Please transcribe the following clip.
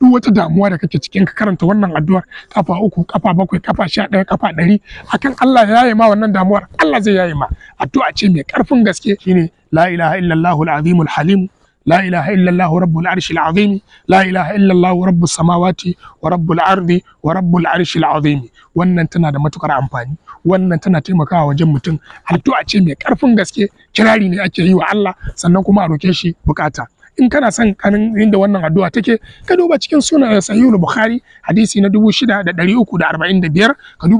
duk wata damuwa da kake cikin ka karanta wannan addu'ar kafa uku kafa bakwai kafa sha ɗaya kafa ɗari akan Allah ya yaye ma wannan damuwar Allah zai yaye ma addu'a ce mai karfin gaske shine la ilaha illallahul azimul halim لا إله إلا الله رب العرش العظيم لا إله إلا الله رب السماوات ورب الأرض ورب العرش العظيم wannan tana da matukar amfani wannan tana taimakawa wajen mutum addu'a ce mai karfin gaske kirari ne ake yi wa Allah sannan kuma a roke shi bukata in kana son kanin inda wannan addu'a take ka duba cikin sunan eh, sahihul bukhari hadisi na 6345 ka duba